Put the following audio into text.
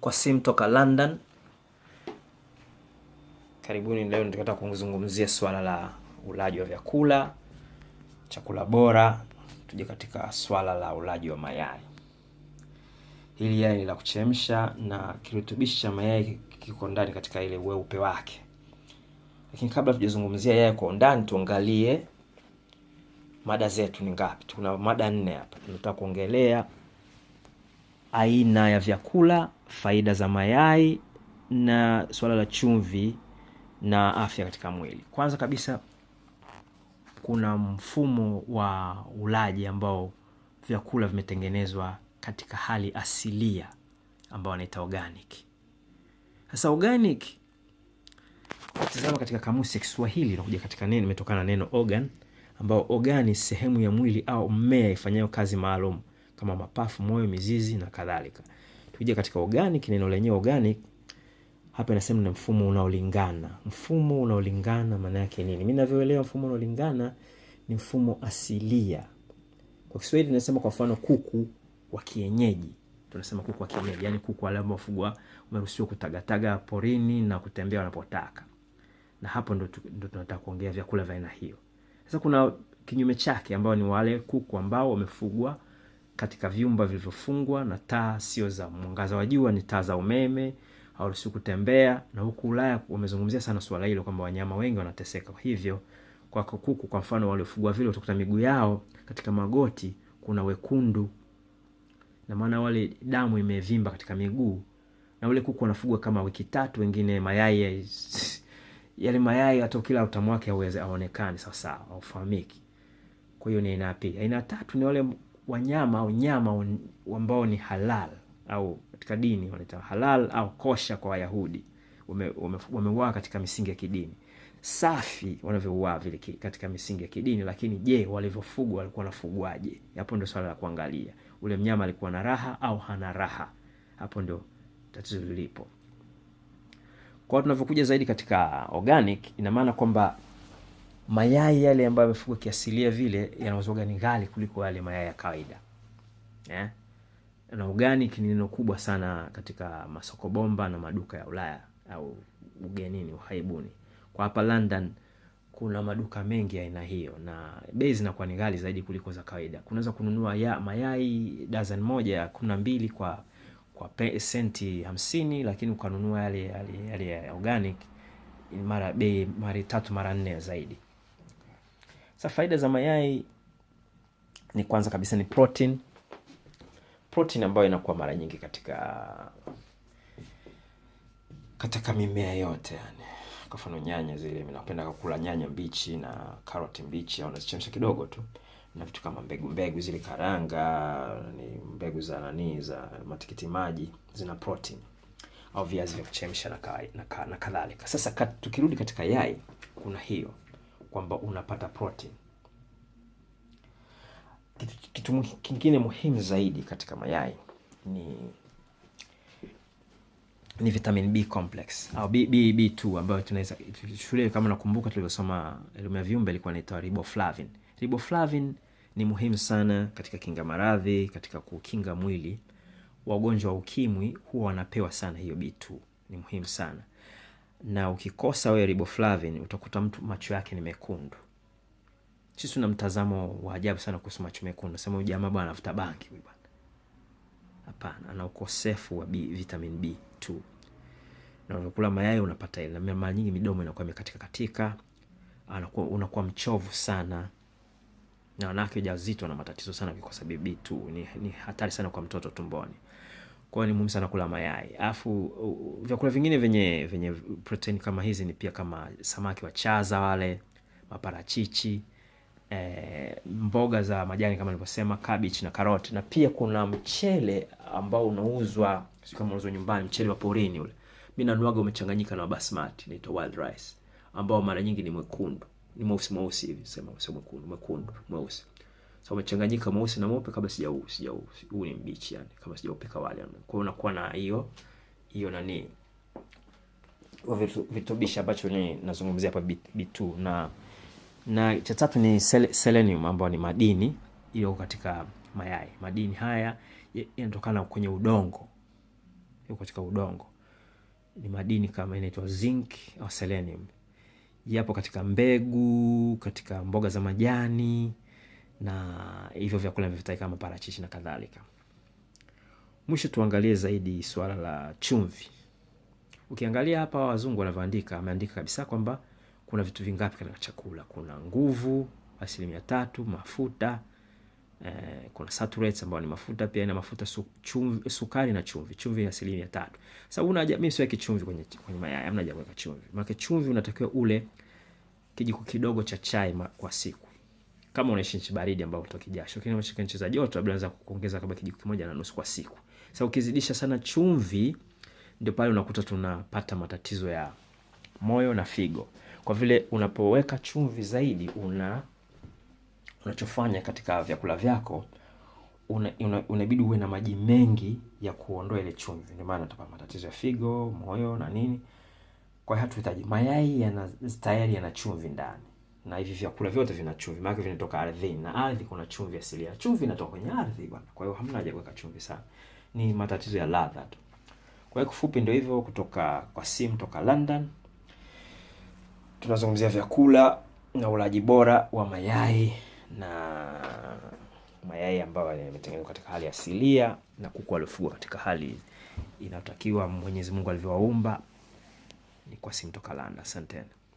kwa simu toka London. Karibuni, leo nitakata kuzungumzia swala la ulaji wa vyakula, chakula bora. Tuje katika swala la ulaji wa mayai. Hili yai ni la kuchemsha na kirutubishi cha mayai kiko ndani katika ile weupe wake, lakini kabla tujazungumzia yai kwa undani, tuangalie mada zetu ni ngapi. Tuna mada nne hapa tunataka kuongelea aina ya vyakula, faida za mayai na suala la chumvi na afya katika mwili. Kwanza kabisa kuna mfumo wa ulaji ambao vyakula vimetengenezwa katika hali asilia ambao wanaita organic. Sasa organic, tazama katika kamusi ya Kiswahili inakuja katika neno, imetokana na neno organ, ambao organ ni sehemu ya mwili au mmea ifanyayo kazi maalum kama mapafu, moyo, mizizi na kadhalika. Tukija katika organic, neno lenyewe organic hapa inasema ni mfumo unaolingana. Mfumo unaolingana maana yake nini? Mimi ninavyoelewa mfumo unaolingana ni mfumo asilia. Kwa Kiswahili tunasema kwa mfano kuku wa kienyeji. Tunasema kuku wa kienyeji, yani kuku wale ambao wafugwa wameruhusiwa kutagataga porini na kutembea wanapotaka. Na hapo ndo tunataka kuongea vyakula vya aina hiyo. Sasa kuna kinyume chake ambao ni wale kuku ambao wamefugwa katika vyumba vilivyofungwa na taa sio za mwangaza wa jua, ni taa za umeme, hawaruhusiwi kutembea. Na huku Ulaya wamezungumzia sana suala hilo kwamba wanyama wengi wanateseka. Hivyo kwa kuku kwa mfano waliofugwa vile, utakuta miguu yao katika magoti kuna wekundu, na maana wale damu imevimba katika miguu, na ule kuku wanafugwa kama wiki tatu, wengine mayai yale mayai hata kila utamu wake hauwezi aonekane sawa sawa, Kwa hiyo ni aina ya pili. Aina ya tatu ni wale wanyama au nyama ambao ni halal au katika dini wanaita halal au kosha kwa Wayahudi wameuawa wame, katika misingi ya kidini safi wanavyouaa vile katika misingi ya kidini, lakini je, walivyofugwa walikuwa nafugwaje Hapo ndio swala la kuangalia, ule mnyama alikuwa na raha au hana raha. Hapo ndio tatizo lilipo. kwao tunavyokuja zaidi katika organic, ina maana kwamba mayai yale ambayo yamefugwa kiasilia vile yanauzwaga ni ghali kuliko yale mayai ya kawaida yeah? na organic ni neno kubwa sana katika masoko bomba na maduka ya Ulaya au ugenini, uhaibuni. Kwa hapa London kuna maduka mengi ya aina hiyo, na bei zinakuwa ni ghali zaidi kuliko za kawaida. Kunaweza kununua ya mayai dozen moja kumi na mbili kwa kwa senti hamsini, lakini ukanunua yale yale ya organic mara bei mara tatu mara nne zaidi. Sasa faida za mayai ni kwanza kabisa ni protein. Protein ambayo inakuwa mara nyingi katika katika mimea yote yani. Kwa mfano nyanya zile, mimi napenda kula nyanya mbichi na karoti mbichi, au nazichemsha kidogo tu na vitu kama mbegu mbegu zile karanga, ni mbegu za nani, za matikiti maji zina protein, au viazi vya kuchemsha na kadhalika. Sasa kat, tukirudi katika yai kuna hiyo kwamba unapata protein. Kitu, kitu kingine muhimu zaidi katika mayai ni ni vitamin B complex au B, B, B2 ambayo tunaweza shule, kama nakumbuka tulivyosoma elimu ya viumbe ilikuwa inaitwa riboflavin. Riboflavin ni muhimu sana katika kinga maradhi, katika kukinga mwili. Wagonjwa wa ukimwi huwa wanapewa sana hiyo B2, ni muhimu sana na ukikosa wewe riboflavin utakuta mtu macho yake ni mekundu. Sisi tuna mtazamo wa ajabu sana kuhusu macho mekundu, sema jamaa bwana anafuta bangi huyu bwana. Hapana, ana ukosefu wa B, vitamin B2. Na unakula mayai unapata ile, na mara nyingi midomo inakuwa imekatika katika, anakuwa unakuwa mchovu sana. Na wanawake wajawazito na matatizo sana, kwa sababu tu ni, ni hatari sana kwa mtoto tumboni kwao ni muhimu sana kula mayai. Alafu vyakula vingine vyenye vyenye protein kama hizi ni pia kama samaki wa chaza wale, maparachichi, e, mboga za majani kama nilivyosema cabbage na carrot na pia kuna mchele ambao unauzwa si kama unauzwa nyumbani, mchele wa porini ule. Mimi nanuaga umechanganyika na basmati, inaitwa wild rice, ambao mara nyingi ni mwekundu, ni mweusi mweusi hivi, sema sio mwekundu, mwekundu mweusi so, umechanganyika mweusi na mweupe kabla sija sija huu ni mbichi yani, kabla sijaupika wale. Kwa hiyo unakuwa na hiyo hiyo nani virutubisho ambacho ni nazungumzia hapa B2 na na cha tatu ni sel, selenium ambayo ni madini iliyo katika mayai. Madini haya yanatokana kwenye udongo, yuko katika udongo. Ni madini kama inaitwa zinc au selenium, yapo katika mbegu, katika mboga za majani na hivyo vyakula vitaika kama parachichi na kadhalika. Mwisho tuangalie zaidi swala la chumvi. Ukiangalia hapa wazungu wanavyoandika, ameandika kabisa kwamba kuna vitu vingapi katika chakula. Kuna nguvu asilimia tatu, mafuta eh, kuna saturates ambayo ni mafuta pia ina mafuta su, chumvi, sukari na chumvi. Chumvi ni asilimia tatu. Sababu una mimi siweki chumvi kwenye, kwenye mayai, hamna haja kuweka chumvi. Maana chumvi unatakiwa ule kijiko kidogo cha chai ma, kwa siku kama unaishi nchi baridi ambayo hutoki jasho, lakini unaishi nchi za joto, labda unaweza kuongeza kama kijiko kimoja na nusu kwa siku. Sasa ukizidisha sana chumvi, ndio pale unakuta tunapata matatizo ya moyo na figo, kwa vile unapoweka chumvi zaidi una unachofanya katika vyakula vyako unabidi una, una uwe na maji mengi ya kuondoa ile chumvi, ndio maana utapata matatizo ya figo, moyo na nini. Kwa hiyo hatuhitaji mayai yana tayari yana chumvi ndani na hivi vyakula vyote vina chumvi, maana vinatoka ardhini, na ardhi kuna chumvi asilia. Chumvi inatoka kwenye ardhi bwana, kwa hiyo hamna haja kuweka chumvi sana, ni matatizo ya ladha tu. Kwa hiyo kifupi ndio hivyo, kutoka kwa simu toka London. Tunazungumzia vyakula na ulaji bora wa mayai na mayai ambayo yametengenezwa katika hali asilia na kuku waliofugwa katika hali inayotakiwa Mwenyezi Mungu alivyowaumba. Ni kwa simu toka London. Asanteni.